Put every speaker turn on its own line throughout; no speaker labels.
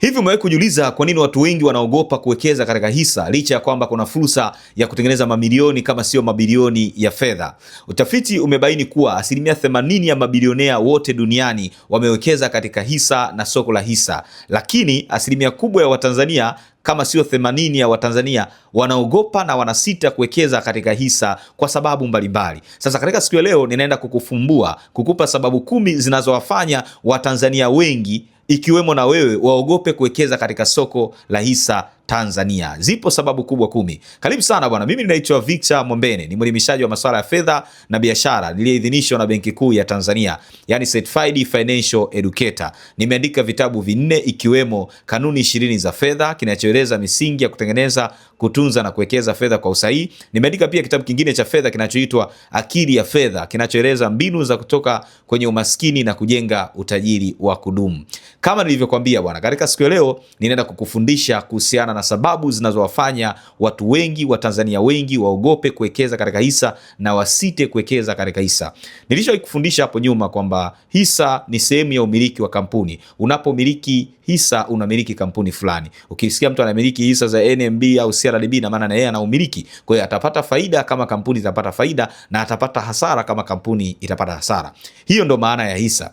Hivi umewahi kujiuliza kwa nini watu wengi wanaogopa kuwekeza katika hisa licha ya kwamba kuna fursa ya kutengeneza mamilioni kama sio mabilioni ya fedha? Utafiti umebaini kuwa asilimia 80 ya mabilionea wote duniani wamewekeza katika hisa na soko la hisa, lakini asilimia kubwa ya Watanzania kama sio 80 ya Watanzania wanaogopa na wanasita kuwekeza katika hisa kwa sababu mbalimbali. Sasa katika siku ya leo ninaenda kukufumbua, kukupa sababu kumi zinazowafanya Watanzania wengi ikiwemo na wewe waogope kuwekeza katika soko la hisa Tanzania. Zipo sababu kubwa kumi. Karibu sana bwana, mimi ninaitwa Victor Mwambene, ni mwelimishaji wa masuala ya fedha na biashara niliyeidhinishwa na Benki Kuu ya Tanzania, yani certified financial educator. Nimeandika vitabu vinne ikiwemo kanuni ishirini za fedha kinachoeleza misingi ya kutengeneza, kutunza na kuwekeza fedha kwa usahihi. Nimeandika pia kitabu kingine cha fedha kinachoitwa Akili ya Fedha kinachoeleza mbinu za kutoka kwenye umaskini na kujenga utajiri wa kudumu. Kama nilivyokuambia bwana, katika siku ya leo ninaenda kukufundisha kuhusiana na na sababu zinazowafanya watu wengi wa Tanzania wengi waogope kuwekeza katika hisa na wasite kuwekeza katika hisa. Nilishawahi kufundisha hapo nyuma kwamba hisa ni sehemu ya umiliki wa kampuni. Unapomiliki hisa unamiliki kampuni fulani. Ukisikia mtu anamiliki hisa za NMB au CRDB, na maana na yeye anaumiliki. Kwa hiyo atapata faida kama kampuni itapata faida na atapata hasara kama kampuni itapata hasara. Hiyo ndo maana ya hisa.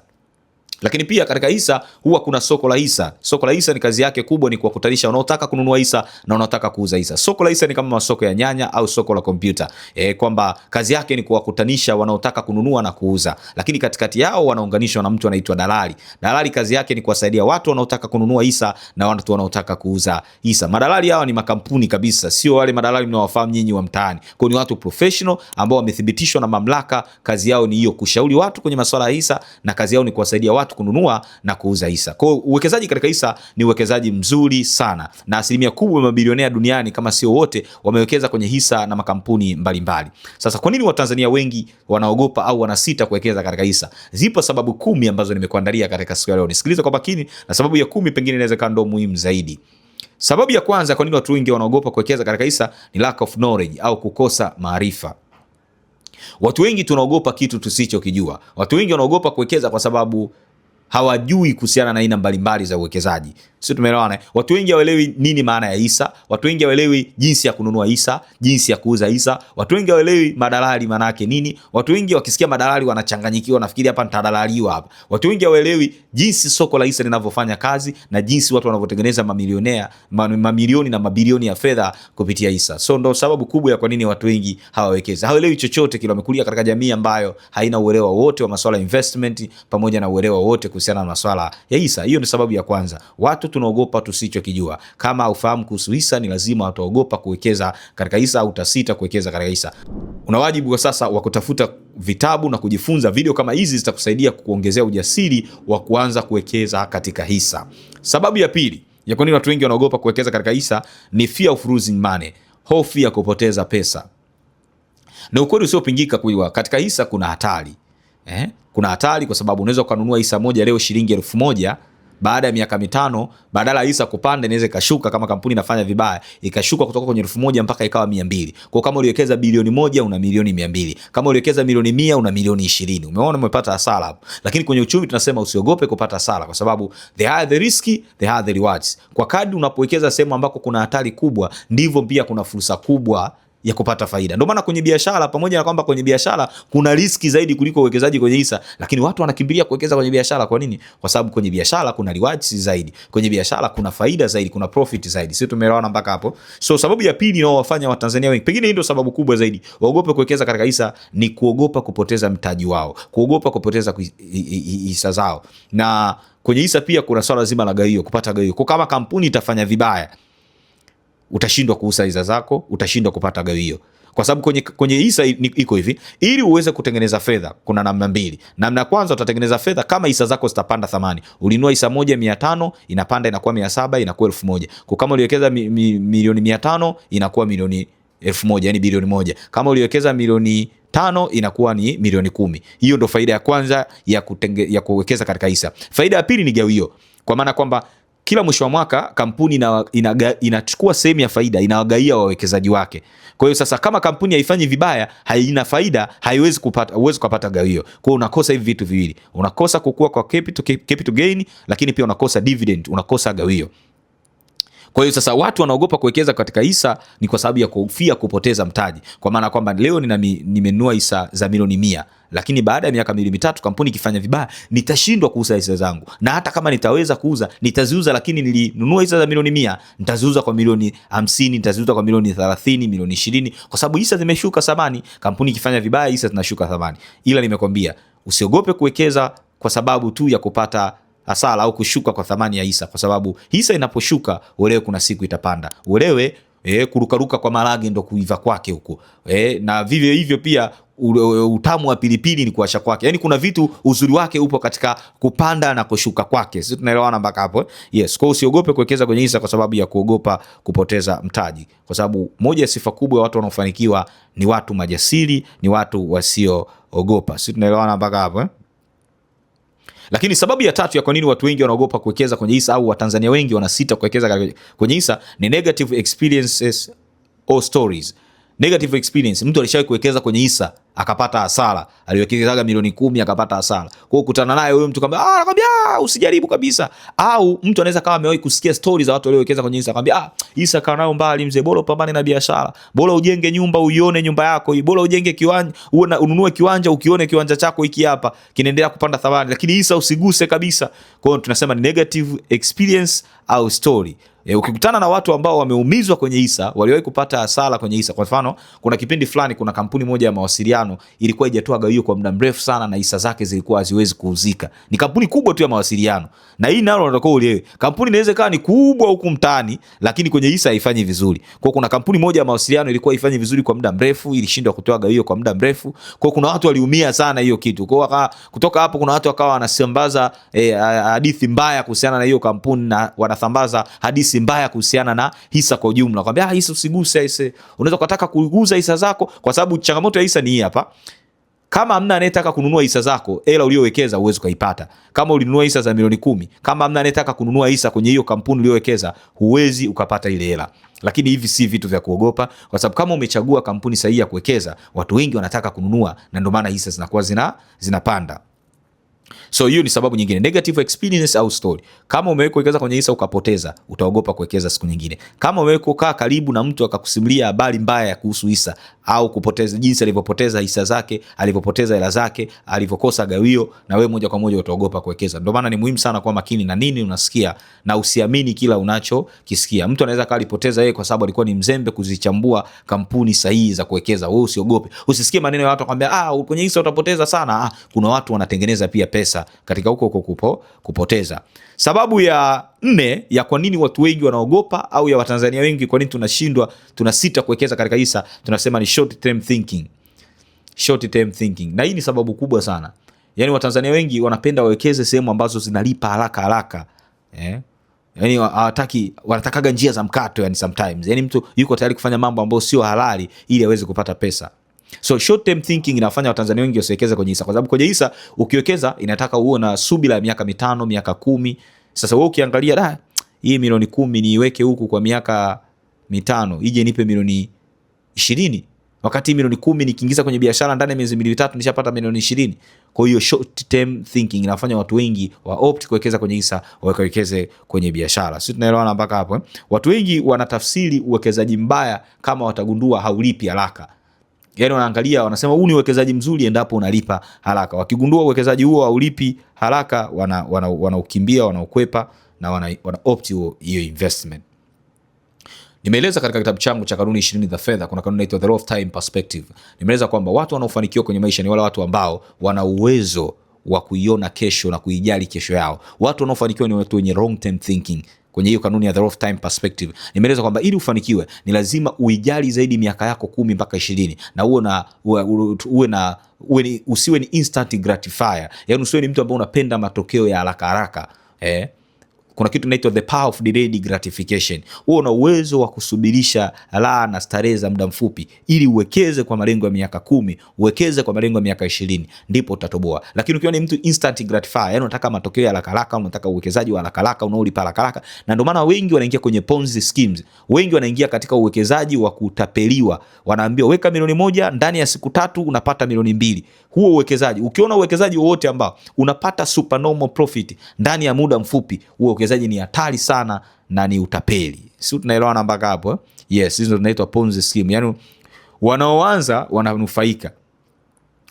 Lakini pia katika hisa huwa kuna soko la hisa. Soko la hisa ni kazi yake kubwa ni kuwakutanisha wanaotaka kununua hisa na wanaotaka kuuza hisa. Soko la hisa ni kama masoko ya nyanya au soko la kompyuta e, kwamba kazi yake ni kuwakutanisha wanaotaka kununua na kuuza, lakini katikati yao wanaunganishwa na mtu anaitwa dalali. Dalali kazi yake ni kuwasaidia watu wanaotaka kununua hisa na watu wanaotaka kuuza hisa. Madalali hawa ni makampuni kabisa, sio wale madalali mnaowafahamu nyinyi wa mtaani. Kwa ni watu professional ambao wamethibitishwa na mamlaka. Kazi yao ni hiyo, kushauri watu kwenye masuala ya hisa na kazi yao ni kuwasaidia watu watu kununua na kuuza hisa. Kwa hiyo uwekezaji katika hisa ni uwekezaji mzuri sana, na asilimia kubwa ya mabilionea duniani kama sio wote wamewekeza kwenye hisa na makampuni mbalimbali mbali. Sasa kwa nini Watanzania wengi wanaogopa au wanasita kuwekeza katika hisa? Zipo sababu kumi ambazo nimekuandalia katika siku ya leo, nisikilize kwa makini, na sababu ya kumi pengine inaweza ikawa ndo muhimu zaidi. Sababu ya kwanza kwa nini watu wengi wanaogopa kuwekeza katika hisa ni lack of knowledge au kukosa maarifa. Watu wengi tunaogopa kitu tusichokijua. Watu wengi wanaogopa kuwekeza kwa sababu hawajui kuhusiana na aina mbalimbali za uwekezaji. Sio, tumeelewana? Eh? Watu wengi hawaelewi nini maana ya hisa, watu wengi hawaelewi jinsi ya kununua hisa, jinsi ya kuuza hisa, watu wengi hawaelewi madalali maana yake nini. Watu wengi wakisikia madalali wanachanganyikiwa, nafikiri hapa nitadalaliwa hapa. Watu wengi hawaelewi jinsi soko la hisa linavyofanya kazi na jinsi watu wanavyotengeneza mamilionea, mamilioni na mabilioni ya fedha kupitia hisa. So ndo sababu kubwa ya kwa nini watu wengi hawawekezi, hawaelewi chochote kile. Wamekulia katika jamii ambayo haina uelewa wote wa masuala ya investment pamoja na uelewa wote kuhusiana na maswala ya hisa. Hiyo ni sababu ya kwanza, watu tunaogopa tusichokijua. Kama ufahamu kuhusu hisa, ni lazima wataogopa kuwekeza katika hisa au utasita kuwekeza katika hisa. Una wajibu kwa sasa wa kutafuta vitabu na kujifunza. Video kama hizi zitakusaidia kukuongezea ujasiri wa kuanza kuwekeza katika hisa. Sababu ya pili ya kwa nini watu wengi wanaogopa kuwekeza katika hisa ni fear of losing money, hofu ya kupoteza pesa. Na ukweli usiopingika kuwa katika hisa kuna hatari eh? Kuna hatari kwa sababu unaweza ukanunua hisa moja leo shilingi elfu moja baada ya miaka mitano badala hisa kupanda inaweza ikashuka, kama kampuni inafanya vibaya, ikashuka kutoka kwenye elfu moja mpaka ikawa mia mbili. Kwa kama uliwekeza bilioni moja una milioni mia mbili, kama uliwekeza milioni mia una milioni ishirini. Umeona, umepata hasara hapo. Lakini kwenye uchumi tunasema usiogope kupata hasara, kwa sababu the higher the risk, the higher the rewards. Kwa kadri unapowekeza sehemu ambako kuna hatari kubwa, ndivyo pia kuna fursa kubwa ya kupata faida. Ndio maana kwenye biashara, pamoja na kwamba kwenye biashara kuna riski zaidi kuliko uwekezaji kwenye hisa, lakini watu wanakimbilia kuwekeza kwenye biashara. Kwa nini? Kwa sababu kwenye biashara kuna rewards zaidi, kwenye biashara kuna faida zaidi, kuna profit zaidi. Sisi tumeelewana mpaka hapo? So sababu ya pili inaowafanya Watanzania wengi, pengine hii ndio sababu kubwa zaidi, waogope kuwekeza katika hisa, ni kuogopa kupoteza mtaji wao, kuogopa kupoteza hisa zao. Na kwenye hisa pia kuna swala zima la gawio, kupata gawio. Kwa kama kampuni itafanya vibaya utashindwa kuuza hisa zako, utashindwa kupata gawio kwa sababu kwenye, kwenye hisa iko hivi, ili uweze kutengeneza fedha kuna namna mbili. Namna ya kwanza utatengeneza fedha kama hisa zako zitapanda thamani. Ulinua hisa moja mia tano inapanda inakuwa mia saba inakuwa elfu moja kwa kama uliwekeza mi, mi, milioni mia tano inakuwa milioni elfu moja yani bilioni moja. Kama uliwekeza milioni tano inakuwa ni milioni kumi. Hiyo ndo faida ya kwanza ya, kutenge, ya kuwekeza katika hisa. Faida ya pili ni gawio, kwa maana kwamba kila mwisho wa mwaka kampuni ina, ina, inachukua sehemu ya faida inawagaia wawekezaji wake. Kwa hiyo sasa, kama kampuni haifanyi vibaya, haina faida, haiwezi kupata, huwezi kupata gawio. Kwa hiyo unakosa hivi vitu viwili, unakosa kukua kwa capital, capital gain, lakini pia unakosa dividend, unakosa gawio. Kwa hiyo sasa watu wanaogopa kuwekeza katika hisa ni kwa sababu ya kuhofia kupoteza mtaji, kwa maana kwamba leo nimenunua hisa za milioni mia lakini baada ya miaka miwili mitatu kampuni ikifanya vibaya, nitashindwa kuuza hisa zangu, na hata kama nitaweza kuuza, nitaziuza. Lakini nilinunua hisa za milioni mia, nitaziuza kwa milioni hamsini, nitaziuza kwa milioni thelathini, milioni ishirini, kwa sababu hisa zimeshuka thamani. Kampuni ikifanya vibaya, hisa zinashuka thamani. Ila nimekwambia usiogope kuwekeza kwa sababu tu ya kupata hasara au kushuka kwa thamani ya hisa, kwa sababu hisa inaposhuka, uelewe kuna siku itapanda, uelewe e, kurukaruka kwa marage ndo kuiva kwake huko e, na vivyo hivyo pia utamu wa pilipili ni kuasha kwake, yani kuna vitu uzuri wake upo katika kupanda na kushuka kwake. Sisi tunaelewana mpaka hapo eh? yes. Kwa usiogope kuwekeza kwenye hisa kwa sababu ya kuogopa kupoteza mtaji, kwa sababu moja ya sifa kubwa ya watu wanaofanikiwa ni watu majasiri, ni watu wasioogopa. Sisi tunaelewana mpaka hapo eh? Lakini sababu ya tatu ya kwa nini watu wengi wanaogopa kuwekeza kwenye hisa au Watanzania wengi wanasita kuwekeza kwenye hisa ni negative experiences or stories. Negative experience, mtu alishawahi kuwekeza kwenye hisa akapata hasara, aliwekezaga milioni kumi akapata hasara. Kwa kukutana naye huyo mtu kamba, ah, nakwambia ah, usijaribu kabisa. Au mtu anaweza kawa amewahi kusikia stori za watu waliowekeza kwenye hisa, akamwambia ah, hisa kaa nayo mbali mzee, bora upambane na biashara, bora ujenge nyumba uione nyumba yako hii, bora ujenge kiwanja ununue kiwanja ukione kiwanja chako hiki hapa kinaendelea kupanda thamani, lakini hisa usiguse kabisa. Kwa hiyo tunasema negative experience au story. E, ukikutana na watu ambao wameumizwa kwenye hisa, waliwahi kupata hasara kwenye hisa. Kwa mfano, kuna kipindi fulani, kuna kampuni moja ya mawasiliano tano ilikuwa haijatoa gawio kwa muda mrefu sana, na hisa zake zilikuwa haziwezi kuuzika. Ni kampuni kubwa tu ya mawasiliano, na hii nalo unatakiwa uelewe. Kampuni inaweza ikawa ni kubwa huku mtaani, lakini kwenye hisa haifanyi vizuri. Kwa kuna kampuni moja ya mawasiliano ilikuwa haifanyi vizuri kwa muda mrefu, ilishindwa kutoa gawio kwa muda mrefu. Kwa kuna watu waliumia sana hiyo kitu. Kwa kutoka hapo, kuna watu wakawa wanasambaza eh, hadithi mbaya kuhusiana na hiyo kampuni, na wanasambaza hadithi mbaya kuhusiana na hisa kwa ujumla, kwambia ah, hisa usiguse hisa, unaweza kutaka kuuza hisa zako, kwa sababu changamoto ya hisa ni hii hapa hapa kama amna anayetaka kununua hisa zako, hela uliyowekeza huwezi ukaipata. Kama ulinunua hisa za milioni kumi, kama amna anayetaka kununua hisa kwenye hiyo kampuni uliyowekeza, huwezi ukapata ile hela. Lakini hivi si vitu vya kuogopa, kwa sababu kama umechagua kampuni sahihi ya kuwekeza, watu wengi wanataka kununua, na ndio maana hisa zinakuwa zina, zinapanda. So hiyo ni sababu nyingine, negative experience au story. Kama umewekwa kuwekeza kwenye hisa ukapoteza, utaogopa kuwekeza siku nyingine. Kama umewekwa kaa karibu na mtu akakusimulia habari mbaya kuhusu hisa au kupoteza, jinsi alivyopoteza hisa zake, alivyopoteza hela zake, alivyokosa gawio, na wewe moja kwa moja utaogopa kuwekeza. Ndio maana ni muhimu sana kuwa makini na nini unasikia na usiamini kila unachokisikia. Mtu anaweza kaa alipoteza yeye kwa sababu alikuwa ni mzembe kuzichambua kampuni sahihi za kuwekeza. Wewe usiogope, usisikie maneno ya watu wakwambia, ah, kwenye hisa utapoteza sana. Ah, kuna watu wanatengeneza pia pe pesa katika huko huko kupo, kupoteza. Sababu ya nne ya kwa nini watu wengi wanaogopa au ya Watanzania wengi kwa nini tunashindwa tunasita kuwekeza katika hisa, tunasema ni short term thinking. Short term thinking. Na hii ni sababu kubwa sana. Yaani Watanzania wengi wanapenda wawekeze sehemu ambazo zinalipa haraka haraka. Eh? Yani, hawataki wanatakaga njia za mkato yani sometimes. yani, mtu yuko tayari kufanya mambo ambayo sio halali ili aweze kupata pesa. So short term thinking inafanya Watanzania wengi wasiwekeze kwenye hisa, kwa sababu kwenye hisa ukiwekeza inataka uwe na subira ya miaka mitano, miaka kumi. Sasa wewe ukiangalia da, ah, hii milioni kumi niiweke huku kwa miaka mitano ije nipe milioni ishirini wakati milioni kumi nikiingiza kwenye biashara ndani ya miezi miwili mitatu nishapata milioni ishirini. Kwa hiyo short term thinking inafanya watu wengi wa opt kuwekeza kwenye hisa wakawekeze kwenye biashara. Sisi tunaelewana mpaka hapo eh? Watu wengi wanatafsiri uwekezaji mbaya kama watagundua haulipi haraka yani wanaangalia wanasema, huu ni uwekezaji mzuri endapo unalipa haraka. Wakigundua uwekezaji huo haulipi haraka, wanaukimbia, wana, wanaokwepa na wana, wana opt hiyo investment. Nimeeleza katika kitabu changu cha kanuni ishirini za fedha, kuna kanuni inaitwa the law of time perspective. Nimeeleza kwamba watu wanaofanikiwa kwenye maisha ni wale watu ambao wana uwezo wa kuiona kesho na kuijali kesho yao. Watu wanaofanikiwa ni watu wenye long term thinking kwenye hiyo kanuni ya the time perspective, nimeeleza kwamba ili ufanikiwe ni lazima uijali zaidi miaka yako kumi mpaka ishirini na uwe na uwe na usiwe ni instant gratifier, yani usiwe ni mtu ambaye unapenda matokeo ya haraka haraka eh kuna kitu inaitwa the power of delayed gratification. Huo una uwezo wa kusubirisha raha na starehe za muda mfupi, ili uwekeze kwa malengo ya miaka kumi, uwekeze kwa malengo ya miaka ishirini, ndipo utatoboa. Lakini ukiwa ni mtu instant gratifier, yani unataka matokeo ya haraka haraka, unataka uwekezaji wa haraka haraka unaolipa haraka haraka, na ndio maana wengi wanaingia kwenye ponzi schemes, wengi wanaingia katika uwekezaji wa kutapeliwa. Wanaambiwa weka milioni moja, ndani ya siku tatu unapata milioni mbili huo uwekezaji. Ukiona uwekezaji wowote ambao unapata supernormal profit ndani ya muda mfupi, huo uwekezaji ni hatari sana na ni utapeli. Si tunaelewana mpaka hapo eh? Yes, hizo tunaitwa Ponzi scheme. Yaani wanaoanza wananufaika.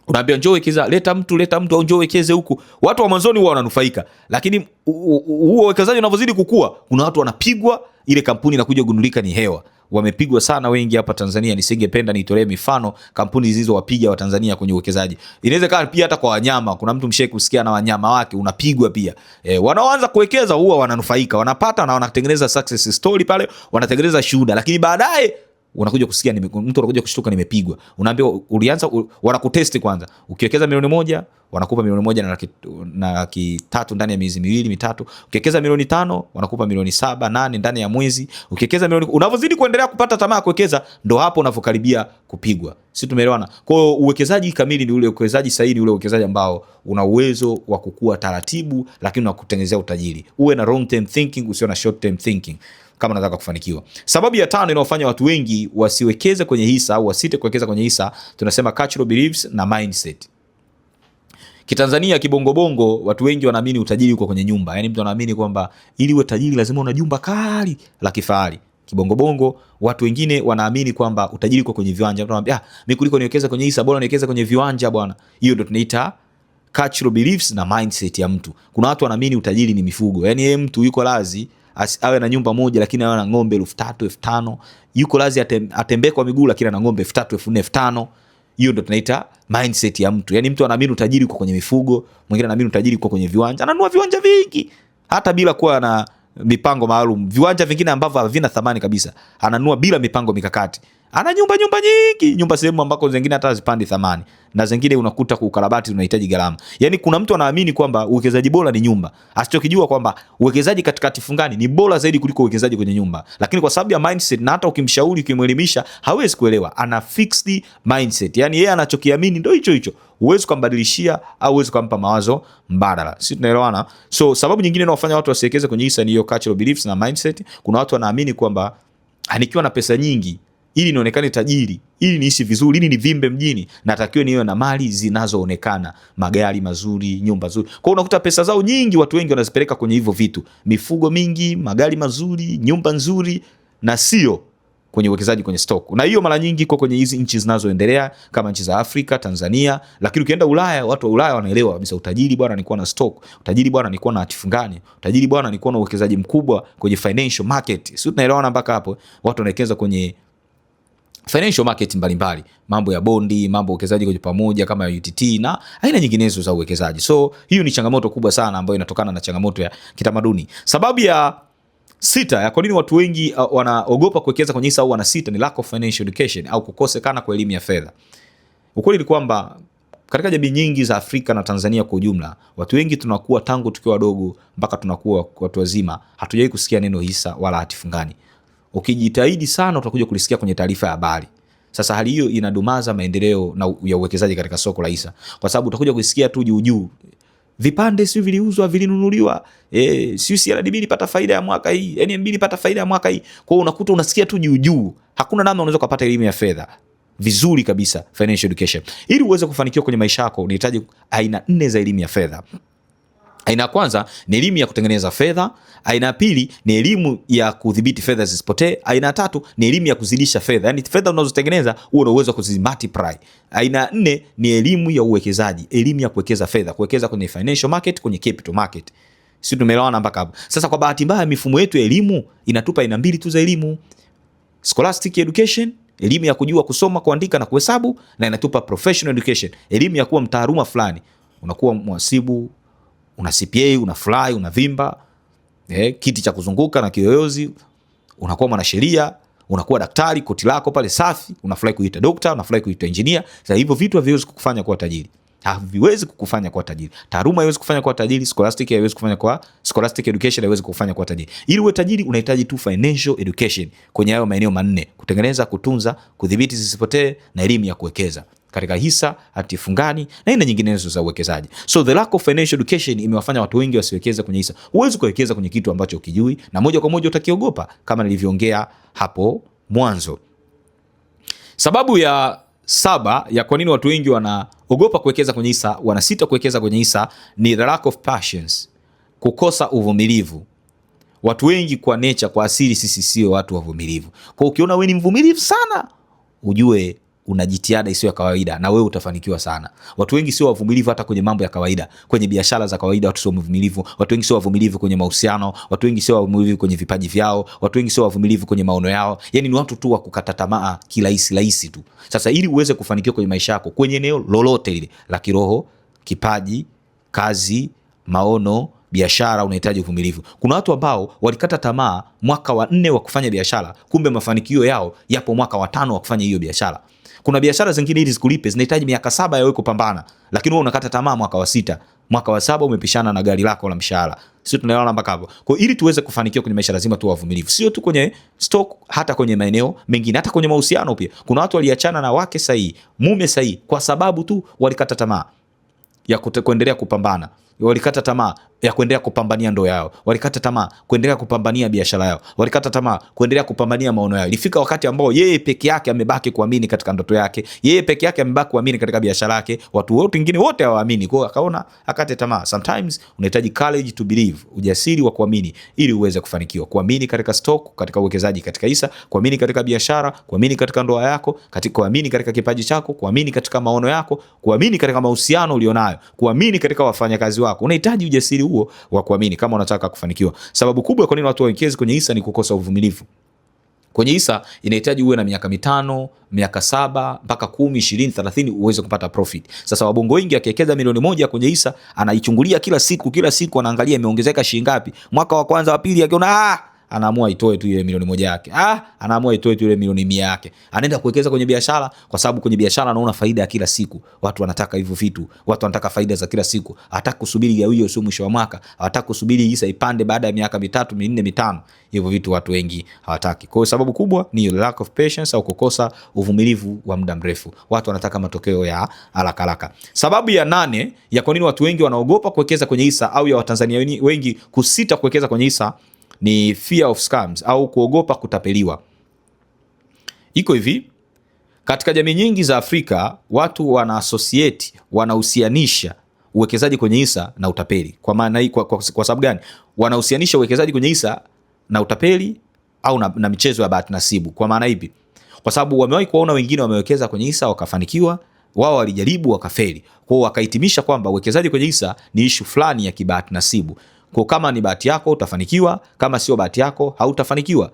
Unaambia njoo wekeza, leta mtu, leta mtu au njoo wekeze huku. Watu wa mwanzoni huwa wananufaika, lakini huo uwekezaji unavyozidi kukua, kuna watu wanapigwa, ile kampuni inakuja kugundulika ni hewa wamepigwa sana wengi hapa Tanzania. Nisingependa nitolee mifano kampuni zilizowapiga Watanzania kwenye uwekezaji. Inawezekana pia hata kwa wanyama, kuna mtu mshee kusikia na wanyama wake unapigwa pia. E, wanaoanza kuwekeza huwa wananufaika, wanapata na wanatengeneza success story pale, wanatengeneza shuhuda, lakini baadaye unakuja kusikia nime, mtu anakuja kushtuka nimepigwa, unaambiwa ulianza, wanakutesti kwanza. Ukiwekeza milioni moja wanakupa milioni moja na laki, na laki tatu ndani ya miezi miwili mitatu. Ukiwekeza milioni tano wanakupa milioni saba nane ndani ya mwezi. Ukiwekeza milioni, unavyozidi kuendelea kupata tamaa ya kuwekeza, ndo hapo unavyokaribia kupigwa. Si tumeelewana? Kwa hiyo uwekezaji kamili ni ule uwekezaji sahihi, ni ule uwekezaji ambao una uwezo wa kukua taratibu, lakini unakutengenezea utajiri. Uwe na long term thinking, usio na short term thinking kama nataka kufanikiwa. Sababu ya tano inayofanya watu wengi wasiwekeze kwenye hisa au wasite kuwekeza kwenye hisa, tunasema cultural beliefs na mindset. Kitanzania kibongobongo, watu wengi wanaamini utajiri uko kwenye nyumba, Yani mtu anaamini kwamba ili uwe tajiri lazima una jumba kali la kifahari. Kibongobongo watu wengine wanaamini kwamba utajiri uko kwenye viwanja. Mtu anaambia ah, mimi kuliko niwekeza kwenye hisa bora niwekeze kwenye viwanja bwana. Hiyo ndio tunaita cultural beliefs na mindset ya mtu. Kuna watu wanaamini utajiri ni mifugo, yani yeye mtu yuko lazi awe na nyumba moja lakini awe na ng'ombe elfu tatu elfu tano yuko lazi atembee kwa miguu lakini ana ng'ombe elfu tatu elfu nne elfu tano hiyo ndo tunaita mindset ya mtu yani mtu anaamini utajiri uko kwenye mifugo mwingine anaamini utajiri uko kwenye viwanja ananua viwanja vingi hata bila kuwa na mipango maalum viwanja vingine ambavyo havina thamani kabisa ananua bila mipango mikakati ana nyumba nyumba nyingi nyumba sehemu ambako zingine hata zipandi thamani na zingine unakuta kuukarabati unahitaji gharama. Yaani kuna mtu anaamini kwamba uwekezaji bora ni nyumba, asichokijua kwamba uwekezaji katika fungani ni bora zaidi kuliko uwekezaji kwenye nyumba, lakini kwa sababu ya mindset, na hata ukimshauri ukimwelimisha hawezi kuelewa, ana fixed mindset, Yaani yeye anachokiamini ndio hicho hicho. Huwezi kumbadilishia au huwezi kumpa mawazo mbadala, si tunaelewana? So sababu nyingine inayofanya watu wasiwekeze kwenye hisa ni hiyo cultural beliefs na mindset. Kuna watu wanaamini kwamba ah, nikiwa na pesa nyingi ili nionekane tajiri, ili niishi vizuri, ili nivimbe mjini, natakiwa niwe na mali zinazoonekana, magari mazuri, nyumba nzuri. Kwa hiyo unakuta pesa zao nyingi watu wengi wanazipeleka kwenye hivyo vitu, mifugo mingi, magari mazuri, nyumba nzuri, na sio kwenye uwekezaji kwenye stock. Na hiyo mara nyingi iko kwenye hizi nchi zinazoendelea kama nchi za Afrika, Tanzania, lakini ukienda Ulaya, watu wa Ulaya wanaelewa kabisa utajiri bwana ni kuwa na stock, utajiri bwana ni kuwa na hatifungani, utajiri bwana ni kuwa na uwekezaji mkubwa kwenye financial market. Sio, tunaelewana mpaka hapo. Watu wanawekeza kwenye financial market mbalimbali, mbali. mambo ya bondi, mambo ya uwekezaji kwa pamoja kama ya UTT na aina nyinginezo za uwekezaji. So hiyo ni changamoto kubwa sana ambayo inatokana na changamoto ya kitamaduni. Sababu ya sita ya kwa nini watu wengi uh, wanaogopa kuwekeza kwenye hisa au wana sita ni lack of financial education au kukosekana kwa elimu ya fedha. Ukweli ni kwamba katika jamii nyingi za Afrika na Tanzania kwa ujumla, watu wengi tunakuwa tangu tukiwa wadogo mpaka tunakuwa watu wazima, hatujawahi kusikia neno hisa wala hatifungani. Ukijitahidi sana utakuja kulisikia kwenye taarifa ya habari. Sasa hali hiyo inadumaza maendeleo na ya uwekezaji katika soko la hisa, kwa sababu utakuja kusikia tu juu juu, vipande sio viliuzwa, vilinunuliwa, eh, sio CRDB ilipata faida ya mwaka hii, NMB ilipata faida ya mwaka hii. Kwa hiyo unakuta unasikia tu juu juu, hakuna namna unaweza kupata elimu ya fedha vizuri kabisa, financial education. Ili uweze kufanikiwa kwenye maisha yako, unahitaji aina nne za elimu ya fedha. Aina ya kwanza ni elimu ya kutengeneza fedha. Aina ya pili ni elimu ya kudhibiti fedha zisipotee. Aina ya tatu ni elimu ya kuzidisha fedha, yani fedha unazotengeneza uwe na uwezo wa kuzimultiply. Aina ya nne ni elimu ya uwekezaji, elimu ya kuwekeza fedha, kuwekeza kwenye financial market, kwenye capital market. Si tumeelewana mpaka hapo? Sasa kwa bahati mbaya mifumo yetu ya elimu inatupa aina mbili tu za elimu, scholastic education elimu ya kujua kusoma, kuandika na kuhesabu, na inatupa professional education, elimu ya kuwa mtaaluma fulani, unakuwa mwasibu, una CPA, una fly, una vimba, eh, kiti cha kuzunguka na kiyoyozi, unakuwa mwanasheria, unakuwa daktari, koti lako pale safi, unafurahi kuita dokta, unafurahi kuita engineer. Sasa hivyo vitu haviwezi kukufanya kuwa tajiri, haviwezi kukufanya kuwa tajiri. Taaluma haiwezi kufanya kuwa tajiri, scholastic haiwezi kufanya kuwa scholastic education haiwezi kukufanya kuwa tajiri. Ili uwe tajiri, unahitaji tu financial education kwenye hayo maeneo manne: kutengeneza, kutunza, kudhibiti zisipotee, na elimu ya kuwekeza katika hisa, hati fungani na aina nyinginezo za uwekezaji. So the lack of financial education imewafanya watu wengi wasiwekeze kwenye hisa. Huwezi kuwekeza kwenye kitu ambacho ukijui, na moja kwa moja utakiogopa, kama nilivyoongea hapo mwanzo. Sababu ya saba ya kwa nini watu wengi wanaogopa kuwekeza kwenye hisa, wanasita kuwekeza kwenye hisa ni the lack of patience, kukosa uvumilivu. Watu wengi kwa nature, kwa asili, sisi sio watu wavumilivu. Kwa ukiona wewe ni mvumilivu sana, ujue una jitihada isiyo ya kawaida na wewe utafanikiwa sana. Watu wengi sio wavumilivu hata kwenye mambo ya kawaida, kwenye biashara za kawaida watu sio wavumilivu. Watu wengi sio wavumilivu kwenye mahusiano, watu wengi sio wavumilivu kwenye vipaji vyao, watu wengi sio wavumilivu kwenye maono yao. Yani ni watu tu wa kukata tamaa kirahisi rahisi tu. Sasa ili uweze kufanikiwa kwenye maisha yako kwenye eneo lolote lile la kiroho, kipaji, kazi, maono biashara unahitaji uvumilivu. Kuna watu ambao walikata tamaa mwaka wa nne wa kufanya biashara, kumbe mafanikio yao yapo mwaka wa tano wa kufanya hiyo biashara. Kuna biashara zingine ili zikulipe zinahitaji miaka saba ya wewe kupambana, lakini wewe unakata tamaa mwaka wa sita, mwaka wa saba umepishana na gari lako la mshahara. Sio, tunaelewana mpaka hapo? Kwa hiyo ili tuweze kufanikiwa kwenye maisha lazima tuwe wavumilivu, sio tu kwenye stock, hata kwenye maeneo mengine, hata kwenye mahusiano pia. Kuna watu waliachana na wake sahihi, mume sahihi, kwa sababu tu walikata tamaa ya kuendelea kupambana, walikata tamaa ya kuendelea kupambania ndoa yao, walikata tamaa kuendelea kupambania biashara yao, walikata tamaa kuendelea kupambania maono yao. Ilifika wakati ambao yeye peke yake amebaki kuamini katika ndoto yake, yeye peke yake amebaki kuamini katika biashara yake, watu wote wengine wote hawaamini. Kwao akaona akate tamaa. Sometimes unahitaji courage to believe, ujasiri wa kuamini ili uweze kufanikiwa. Kuamini katika stock, katika uwekezaji, katika hisa, kuamini katika biashara, kuamini katika ndoa yako, katika kuamini katika kipaji chako, kuamini katika maono yako, kuamini katika mahusiano ulionayo, kuamini katika wafanyakazi wako. Unahitaji ujasiri huo wa kuamini kama unataka kufanikiwa. Sababu kubwa kwa nini watu waekezi kwenye hisa ni kukosa uvumilivu. Kwenye hisa inahitaji uwe na miaka mitano, miaka saba mpaka kumi, ishirini, thelathini uweze kupata profit. Sasa wabongo wengi akiwekeza milioni moja kwenye hisa anaichungulia kila siku, kila siku anaangalia imeongezeka shilingi ngapi. Mwaka wa kwanza wa pili akiona ah anaamua itoe tu ile milioni moja yake, ah, anaamua itoe tu ile milioni mia yake, anaenda kuwekeza kwenye biashara, kwa sababu kwenye biashara anaona faida ya kila siku. Watu wanataka hivyo vitu, watu wanataka faida za kila siku, hataki kusubiri ya gawio, sio mwisho wa mwaka, hataki kusubiri hisa ipande baada ya miaka mitatu minne mitano. Hivyo vitu watu wengi hawataki. Kwa sababu kubwa ni lack of patience, au kukosa uvumilivu wa muda mrefu. Watu wanataka matokeo ya haraka haraka. Sababu ya nane ya kwa nini watu wengi wanaogopa kuwekeza kwenye hisa au ya Watanzania wengi kusita kuwekeza kwenye hisa ni fear of scams au kuogopa kutapeliwa. Iko hivi, katika jamii nyingi za Afrika watu wana associate, wanahusianisha uwekezaji kwenye hisa na utapeli. Kwa maana kwa, kwa, kwa sababu gani wanahusianisha uwekezaji kwenye hisa na utapeli au na, na michezo ya bahati nasibu? Kwa maana hivi, kwa sababu wamewahi kuwaona wengine wamewekeza kwenye hisa wakafanikiwa, wao walijaribu wakafeli, kwao wakahitimisha kwamba uwekezaji kwenye hisa ni ishu fulani ya kibahati nasibu. Kwa kama ni bahati yako utafanikiwa, kama sio bahati yako hautafanikiwa.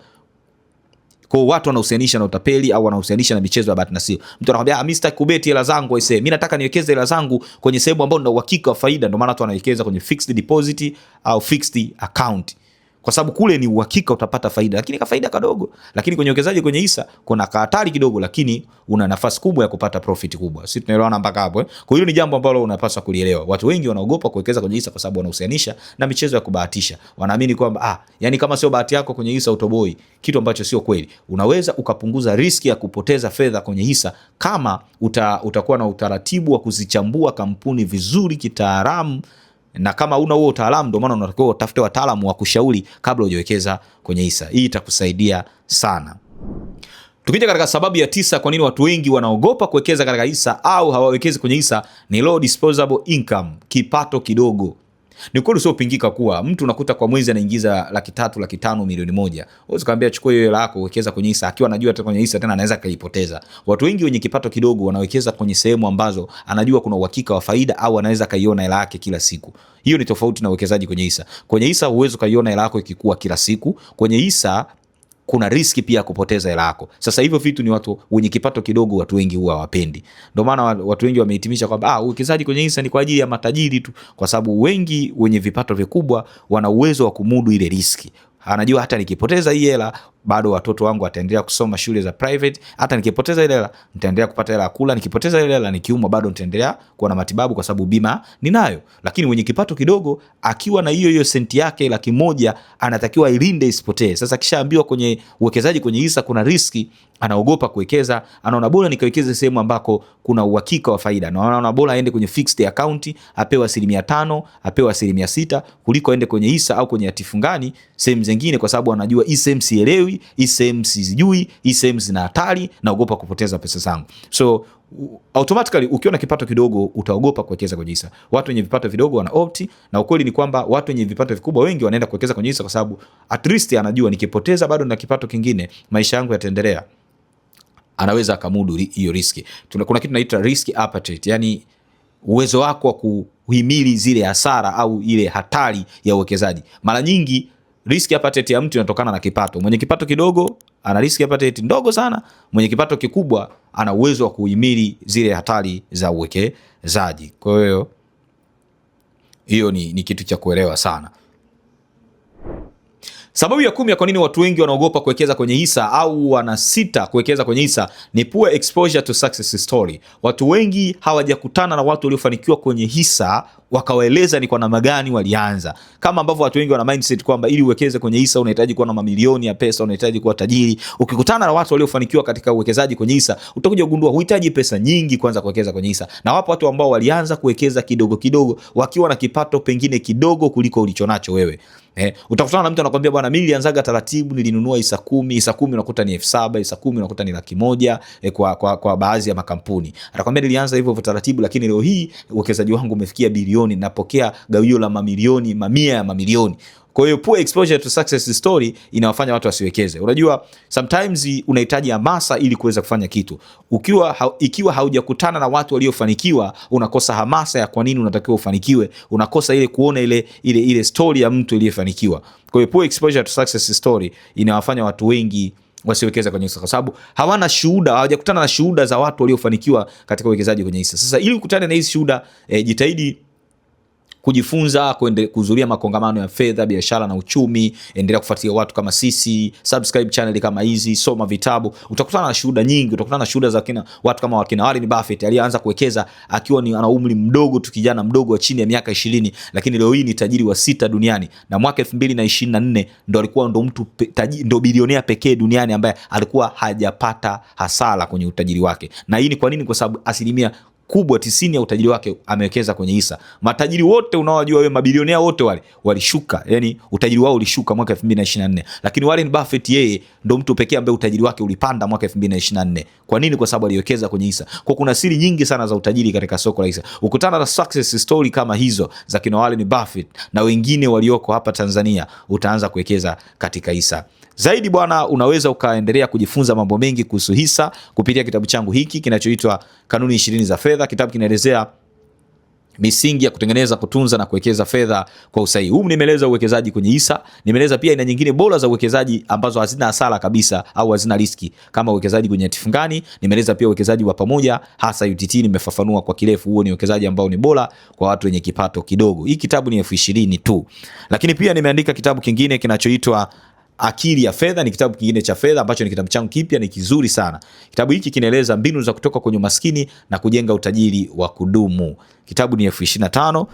Kwa watu wanahusianisha na utapeli au wanahusianisha na michezo ya bahati nasibu. Mtu anakuambia ah, mimi sitaki kubeti hela zangu aisee, mimi nataka niwekeze hela zangu kwenye sehemu ambayo nina uhakika wa faida. Ndio maana watu wanawekeza kwenye fixed deposit au fixed account kwa sababu kule ni uhakika utapata faida, lakini ka faida kadogo. Lakini kwenye uwekezaji kwenye hisa kuna hatari kidogo, lakini una nafasi kubwa ya kupata profit kubwa. Sisi tunaelewana mpaka hapo eh? Kwa hiyo ni jambo ambalo unapaswa kulielewa. Watu wengi wanaogopa kuwekeza kwenye hisa kwa sababu wanahusianisha na michezo ya kubahatisha. Wanaamini kwamba ah, yani kama sio bahati yako kwenye hisa utoboi, kitu ambacho sio kweli. Unaweza ukapunguza riski ya kupoteza fedha kwenye hisa kama uta, utakuwa na utaratibu wa kuzichambua kampuni vizuri kitaalamu na kama una huo utaalamu, ndio maana unatakiwa utafute wataalamu wa kushauri kabla hujawekeza kwenye hisa. Hii itakusaidia sana. Tukija katika sababu ya tisa, kwa nini watu wengi wanaogopa kuwekeza katika hisa au hawawekezi kwenye hisa, ni low disposable income, kipato kidogo. Ni kweli usiopingika kuwa mtu unakuta kwa mwezi anaingiza laki tatu, laki tano, milioni moja. Huwezi kumwambia chukua hiyo hela yako wekeza kwenye hisa akiwa anajua hata kwenye hisa tena anaweza kaipoteza. Watu wengi wenye kipato kidogo wanawekeza kwenye sehemu ambazo anajua kuna uhakika wa faida au anaweza kaiona hela yake kila siku. Hiyo ni tofauti na uwekezaji kwenye hisa. Kwenye hisa huwezi kaiona hela yako ikikua kila siku. Kwenye hisa kuna riski pia ya kupoteza hela yako. Sasa hivyo vitu ni watu wenye kipato kidogo, watu wengi huwa wapendi Ndio maana watu wengi wamehitimisha kwamba ah, uwekezaji kwenye hisa ni kwa ajili ya matajiri tu, kwa sababu wengi wenye vipato vikubwa wana uwezo wa kumudu ile riski. Anajua hata nikipoteza hii hela bado watoto wangu wataendelea kusoma shule za private. Hata nikipoteza ile hela nitaendelea kupata hela ya kula, nikipoteza ile hela nikiumwa, bado nitaendelea kuwa na matibabu kwa sababu bima ninayo. Lakini mwenye kipato kidogo akiwa na hiyo hiyo senti yake laki moja anatakiwa ilinde isipotee. Sasa kishaambiwa kwenye uwekezaji kwenye hisa kuna riski, anaogopa kuwekeza, anaona bora nikawekeze sehemu ambako kuna uhakika wa faida, na anaona bora aende kwenye fixed account apewe asilimia tano apewe asilimia sita kuliko aende kwenye hisa au kwenye hatifungani sehemu zingine, kwa sababu anajua hii sehemu sielewi sijui, hii sehemu sijui, hii sehemu zina hatari, naogopa kupoteza pesa zangu. So automatically ukiwa na kipato kidogo utaogopa kuwekeza kwenye hisa. Watu wenye vipato vidogo wana opt, na ukweli ni kwamba watu wenye vipato vikubwa wengi wanaenda kuwekeza kwenye hisa, kwa sababu at least anajua nikipoteza bado na kipato kingine, maisha yangu yataendelea. Anaweza akamudu hiyo riski. Kuna kitu naitwa risk appetite, yani uwezo wako wa kuhimili zile hasara au ile hatari ya uwekezaji. Mara nyingi riski appetite ya mtu inatokana na kipato. Mwenye kipato kidogo ana risk appetite ndogo sana, mwenye kipato kikubwa ana uwezo wa kuhimili zile hatari za uwekezaji. Kwa hiyo hiyo ni, ni kitu cha kuelewa sana. Sababu ya kumi ya kwa nini watu wengi wanaogopa kuwekeza kwenye hisa au wanasita kuwekeza kwenye hisa ni poor exposure to success story. Watu wengi hawajakutana na watu waliofanikiwa kwenye hisa wakawaeleza ni kwa namna gani walianza, kama ambavyo watu wengi wana mindset kwamba ili uwekeze kwenye hisa unahitaji kuwa na mamilioni ya pesa, unahitaji kuwa tajiri. Ukikutana na watu waliofanikiwa katika uwekezaji kwenye hisa utakuja kugundua huhitaji pesa nyingi kwanza kuwekeza kwenye hisa, na wapo watu ambao walianza kuwekeza kidogo kidogo wakiwa na kipato pengine kidogo kuliko ulichonacho wewe. Eh, utakutana na mtu anakwambia bwana, mimi nilianzaga taratibu, nilinunua hisa kumi, hisa kumi unakuta ni elfu saba, hisa kumi unakuta ni laki moja eh, kwa, kwa, kwa baadhi ya makampuni. atakwambia nilianza hivyo hivyo taratibu, lakini leo hii uwekezaji wangu umefikia bilioni, napokea gawio la mamilioni, mamia ya mamilioni. Kwa hiyo poor exposure to success story inawafanya watu wasiwekeze. Unajua sometimes unahitaji hamasa ili kuweza kufanya kitu. Ukiwa ha, ikiwa haujakutana na watu waliofanikiwa, unakosa hamasa ya kwa nini unatakiwa ufanikiwe, unakosa ile kuona ile ile ile story ya mtu aliyefanikiwa. Kwa hiyo poor exposure to success story inawafanya watu wengi wasiwekeza kwenye hisa kwa sababu hawana shuhuda, hawajakutana na shuhuda za watu waliofanikiwa katika uwekezaji kwenye hisa. Sasa ili ukutane na hizi shuhuda, eh, jitahidi kujifunza, kuhudhuria makongamano ya fedha, biashara na uchumi. Endelea kufuatilia watu kama sisi, subscribe channel kama hizi, soma vitabu. Utakutana na shuhuda nyingi, utakutana na shuhuda za kina watu kama wakina Warren Buffett aliyeanza kuwekeza akiwa ni ana umri mdogo tu, kijana mdogo wa chini ya miaka 20, lakini leo hii ni tajiri wa sita duniani na mwaka 2024 ndo alikuwa ndo mtu ndo bilionea pekee duniani ambaye alikuwa hajapata hasara kwenye utajiri wake, na hii ni kwa nini? Kwa sababu asilimia kubwa tisini ya utajiri wake amewekeza kwenye hisa. Matajiri wote unaowajua wewe, mabilionea wote wale walishuka, yani utajiri wao ulishuka mwaka 2024, lakini Warren Buffett yeye ndo mtu pekee ambaye utajiri wake ulipanda mwaka 2024. Kwa nini? Kwa sababu aliwekeza kwenye hisa. Kwa kuna siri nyingi sana za utajiri katika soko la hisa. Ukutana na success story kama hizo za kina Warren Buffett na wengine walioko hapa Tanzania, utaanza kuwekeza katika hisa. Zaidi bwana, unaweza ukaendelea kujifunza mambo mengi kuhusu hisa kupitia kitabu changu hiki kinachoitwa Kanuni Ishirini za Fedha. Kitabu kinaelezea misingi ya kutengeneza, kutunza na kuwekeza fedha kwa usahihi. Huu nimeeleza uwekezaji kwenye hisa, nimeeleza pia aina nyingine bora za uwekezaji ambazo hazina hasara kabisa au hazina riski kama uwekezaji kwenye hatifungani. Nimeeleza pia uwekezaji wa pamoja, hasa UTT nimefafanua kwa kirefu. Huo ni uwekezaji ambao ni bora kwa watu wenye kipato kidogo. Hii kitabu ni elfu ishirini tu, lakini pia nimeandika kitabu kingine kinachoitwa Akili ya Fedha ni kitabu kingine cha fedha ambacho ni kitabu changu kipya, ni kizuri sana. Kitabu hiki kinaeleza mbinu za kutoka kwenye umaskini na kujenga utajiri wa kudumu. Kitabu ni elfu ishirini na tano.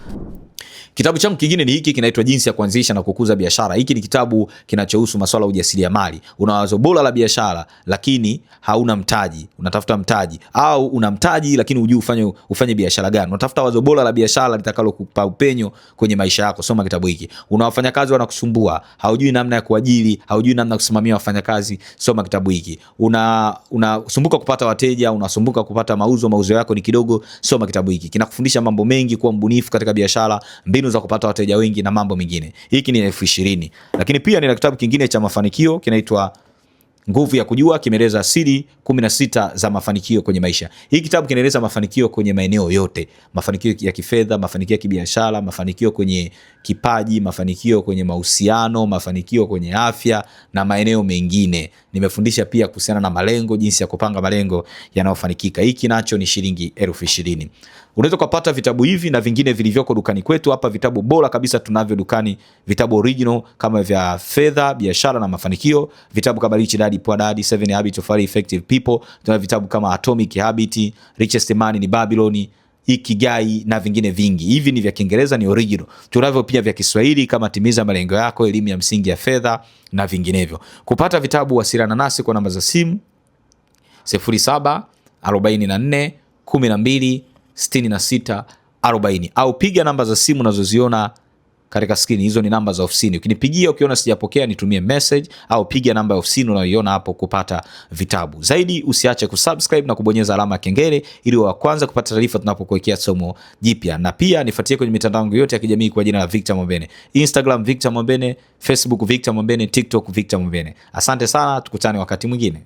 Kitabu changu kingine ni hiki kinaitwa Jinsi ya Kuanzisha na Kukuza Biashara. Hiki ni kitabu kinachohusu masuala ya ujasiriamali. Una wazo bora la biashara, lakini hauna mtaji, unatafuta mtaji, au una mtaji lakini hujui ufanye ufanye biashara gani. Unatafuta wazo bora la biashara litakalokupa upenyo kwenye maisha yako. Soma kitabu hiki. Una wafanyakazi wanakusumbua, haujui namna ya kuajiri, haujui namna ya kusimamia wafanyakazi. Soma kitabu hiki. Una unasumbuka kupata wateja, unasumbuka kupata mauzo, mauzo yako ni kidogo. Soma kitabu hiki. Kinakufundisha mambo mengi, kuwa mbunifu katika biashara mbinu za kupata wateja wengi na mambo mengine. Hiki ni elfu ishirini. Lakini pia nina kitabu kingine cha mafanikio kinaitwa Nguvu ya Kujua, kimeeleza siri sita za mafanikio kwenye maisha. Hii kitabu kinaeleza mafanikio kwenye maeneo yote, mafanikio ya kifedha, mafanikio ya kibiashara, mafanikio kwenye kipaji, mafanikio kwenye mahusiano, mafanikio kwenye afya na maeneo mengine. Nimefundisha pia kuhusiana na malengo, jinsi ya kupanga malengo yanayofanikika. Hiki nacho ni shilingi elfu ishirini. Unaweza kupata vitabu hivi na vingine vilivyoko dukani kwetu hapa. Vitabu bora kabisa tunavyo dukani, vitabu original kama vya fedha, biashara na mafanikio, vitabu kama Rich Dad Poor Dad, Seven Habits of Highly Effective People. Tuna vitabu kama Atomic Habits, Richest Man in Babylon Ikigai na vingine vingi. Hivi ni vya Kiingereza, ni original. Tunavyo pia vya Kiswahili kama Timiza Malengo Yako, Elimu ya Msingi ya Fedha na vinginevyo. Kupata vitabu, wasiliana nasi kwa namba za simu 0744 44 12 66 40 au piga namba za simu unazoziona katika skrini. Hizo ni namba za ofisini, ukinipigia ukiona sijapokea nitumie message au piga namba ya ofisini unayoiona hapo kupata vitabu zaidi. Usiache kusubscribe na kubonyeza alama ya kengele ili wa kwanza kupata taarifa tunapokuwekea somo jipya, na pia nifuatie kwenye mitandao yangu yote ya kijamii kwa jina la Victor Mwambene, Instagram Victor Mwambene, Facebook Victor Mwambene, TikTok Victor Mwambene. Asante sana, tukutane wakati mwingine.